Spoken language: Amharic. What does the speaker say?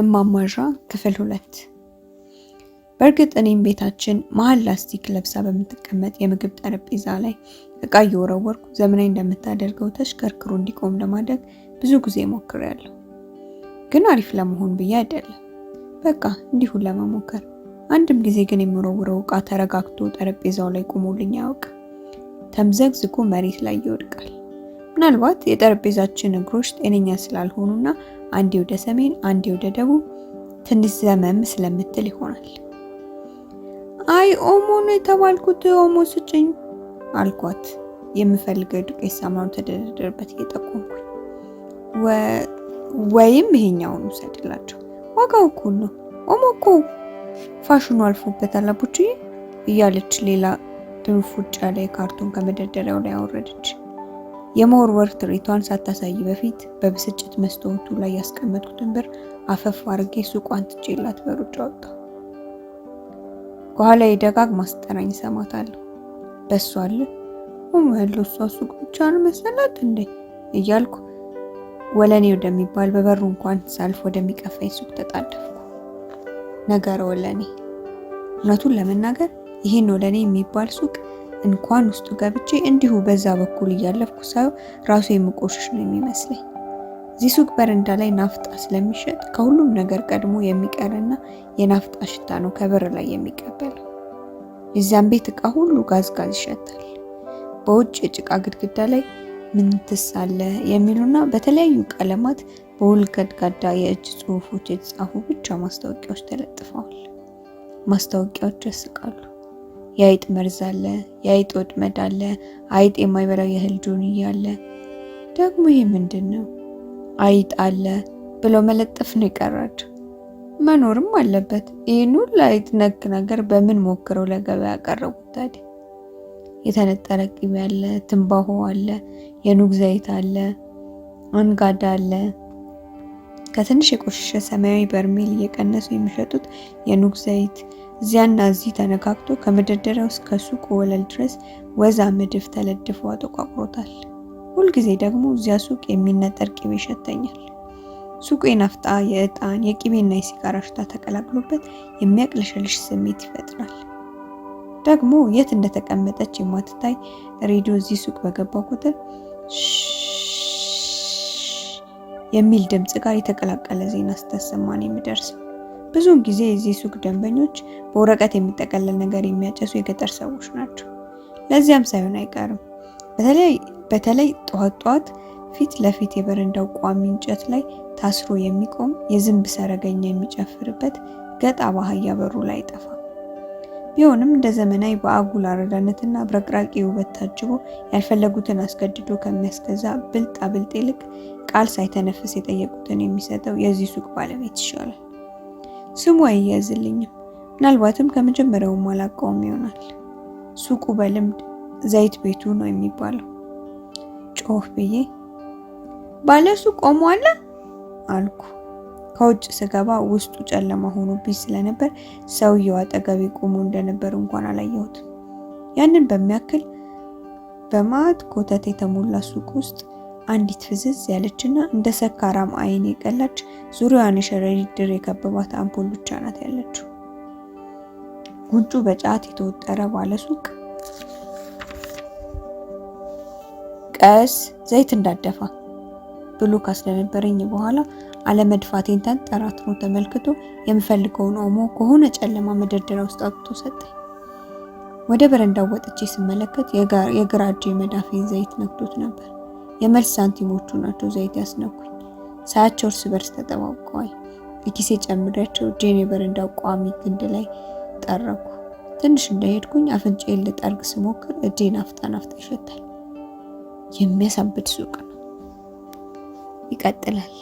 እማሟዣ ክፍል ሁለት በእርግጥ እኔም ቤታችን መሀል ላስቲክ ለብሳ በምትቀመጥ የምግብ ጠረጴዛ ላይ እቃ እየወረወርኩ ዘመናዊ እንደምታደርገው ተሽከርክሮ እንዲቆም ለማድረግ ብዙ ጊዜ ሞክሬያለሁ። ግን አሪፍ ለመሆን ብዬ አይደለም፣ በቃ እንዲሁ ለመሞከር። አንድም ጊዜ ግን የምወረውረው እቃ ተረጋግቶ ጠረጴዛው ላይ ቆሞልኝ አያውቅ። ተምዘግዝጎ መሬት ላይ ይወድቃል። ምናልባት የጠረጴዛችን እግሮች ጤነኛ ስላልሆኑና አንዴ ወደ ሰሜን አንዴ ወደ ደቡብ ትንሽ ዘመም ስለምትል ይሆናል። አይ ኦሞ ነው የተባልኩት ኦሞ ስጭኝ አልኳት። የምፈልገው ዱቄት ሳማኑ ተደረደረበት እየጠቆምኩኝ ወይም ይሄኛውን ውሰድላቸው ዋጋው እኩል ነው። ኦሞ እኮ ፋሽኑ አልፎበታል አቡችዬ እያለች ሌላ ድንፉጭ ያለ ካርቶን ከመደርደሪያው ላይ አወረደች። የመወርወር ትርኢቷን ሳታሳይ በፊት በብስጭት መስታወቱ ላይ ያስቀመጥኩትን ብር አፈፍ አድርጌ ሱቋን ትቼላት በሩጫ ወጣ። ከኋላዬ ደጋግማ ስትጠራኝ እሰማታለሁ። በሷ አለ ሆኖ ያለ እሷ ሱቅ ብቻ ነው መሰላት እንዴ እያልኩ ወለኔ ወደሚባል በበሩ እንኳን ሳልፍ ወደሚቀፋኝ ሱቅ ተጣደፍኩ። ነገር ወለኔ እውነቱን ለመናገር ይህን ወለኔ የሚባል ሱቅ እንኳን ውስጡ ገብቼ እንዲሁ በዛ በኩል እያለፍኩ ሳየው ራሱ የምቆሽሽ ነው የሚመስለኝ። እዚህ ሱቅ በረንዳ ላይ ናፍጣ ስለሚሸጥ ከሁሉም ነገር ቀድሞ የሚቀርና የናፍጣ ሽታ ነው ከበር ላይ የሚቀበለው። የዚያም ቤት እቃ ሁሉ ጋዝ ጋዝ ይሸታል። በውጭ የጭቃ ግድግዳ ላይ ምንትስ አለ የሚሉና በተለያዩ ቀለማት በውል ገድጋዳ የእጅ ጽሁፎች የተጻፉ ብቻ ማስታወቂያዎች ተለጥፈዋል። ማስታወቂያዎች ያስቃሉ። የአይጥ መርዝ አለ፣ የአይጥ ወጥመድ አለ፣ አይጥ የማይበላው የእህል ዱንያ አለ። ደግሞ ይሄ ምንድን ነው? አይጥ አለ ብለው መለጠፍ ነው የቀራቸው። መኖርም አለበት። ይህን ሁሉ አይጥ ነክ ነገር በምን ሞክረው ለገበያ ያቀረቡት ታዲያ? የተነጠረ ቅቤ አለ፣ ትንባሆ አለ፣ የኑግ ዘይት አለ፣ አንጋዳ አለ። ከትንሽ የቆሸሸ ሰማያዊ በርሜል እየቀነሱ የሚሸጡት የኑግ ዘይት እዚያና እዚህ ተነካክቶ ከመደርደሪያው እስከ ሱቁ ወለል ድረስ ወዛ ምድፍ ተለድፎ አጠቋቁሮታል። ሁልጊዜ ደግሞ እዚያ ሱቅ የሚነጠር ቅቤ ይሸተኛል። ሱቁ የናፍጣ የዕጣን የቅቤና የሲጋራ ሽታ ተቀላቅሎበት የሚያቅለሸልሽ ስሜት ይፈጥራል። ደግሞ የት እንደተቀመጠች የማትታይ ሬዲዮ እዚህ ሱቅ በገባ ቁጥር የሚል ድምፅ ጋር የተቀላቀለ ዜና ስታሰማን የምደርሰው ብዙውን ጊዜ የዚህ ሱቅ ደንበኞች በወረቀት የሚጠቀለል ነገር የሚያጨሱ የገጠር ሰዎች ናቸው። ለዚያም ሳይሆን አይቀርም በተለይ ጠዋት ጠዋት ፊት ለፊት የበረንዳው ቋሚ እንጨት ላይ ታስሮ የሚቆም የዝንብ ሰረገኛ የሚጨፍርበት ገጣ ባህያ በሩ ላይ አይጠፋም። ቢሆንም እንደ ዘመናዊ በአጉል አረዳነትና ብረቅራቂ ውበት ታጅቦ ያልፈለጉትን አስገድዶ ከሚያስገዛ ብልጣ ብልጥ ይልቅ ቃል ሳይተነፍስ የጠየቁትን የሚሰጠው የዚህ ሱቅ ባለቤት ይሻላል። ስሙ አይያዝልኝም። ምናልባትም ከመጀመሪያውም አላውቀውም ይሆናል። ሱቁ በልምድ ዘይት ቤቱ ነው የሚባለው። ጮህ ብዬ ባለ ሱቅ ቆሞ አለ አልኩ። ከውጭ ስገባ ውስጡ ጨለማ ሆኖብኝ ስለነበር ሰውየው አጠገቤ ቆሞ እንደነበር እንኳን አላየሁት። ያንን በሚያክል በማት ኮተት የተሞላ ሱቅ ውስጥ አንዲት ፍዝዝ ያለችና እንደ ሰካራም አይን የቀላች ዙሪያዋን የሸረሪት ድር የከበባት አምፖል ብቻ ናት ያለችው። ጉንጩ በጫት የተወጠረ ባለ ሱቅ ቀስ ዘይት እንዳደፋ ብሎ ካስደነበረኝ በኋላ አለመድፋቴን ተንጠራጥሮ ተመልክቶ የምፈልገውን ኦሞ ከሆነ ጨለማ መደርደሪያ ውስጥ አውጥቶ ሰጠኝ። ወደ በረንዳው ወጥቼ ስመለከት የግራ እጄ መዳፌ ዘይት ነክቶት ነበር። የመልስ ሳንቲሞቹ ናቸው ዘይት ያስነኩኝ። ሳያቸው እርስ በርስ ተጠባብቀዋል። በኪሴ ጨምሬያቸው እጄን የበረንዳው ቋሚ ግንድ ላይ ጠረኩ። ትንሽ እንደሄድኩኝ አፍንጫዬን ልጠርግ ስሞክር እጄ ናፍጣ ናፍጣ ይሸታል። የሚያሳብድ ሱቅ ነው። ይቀጥላል።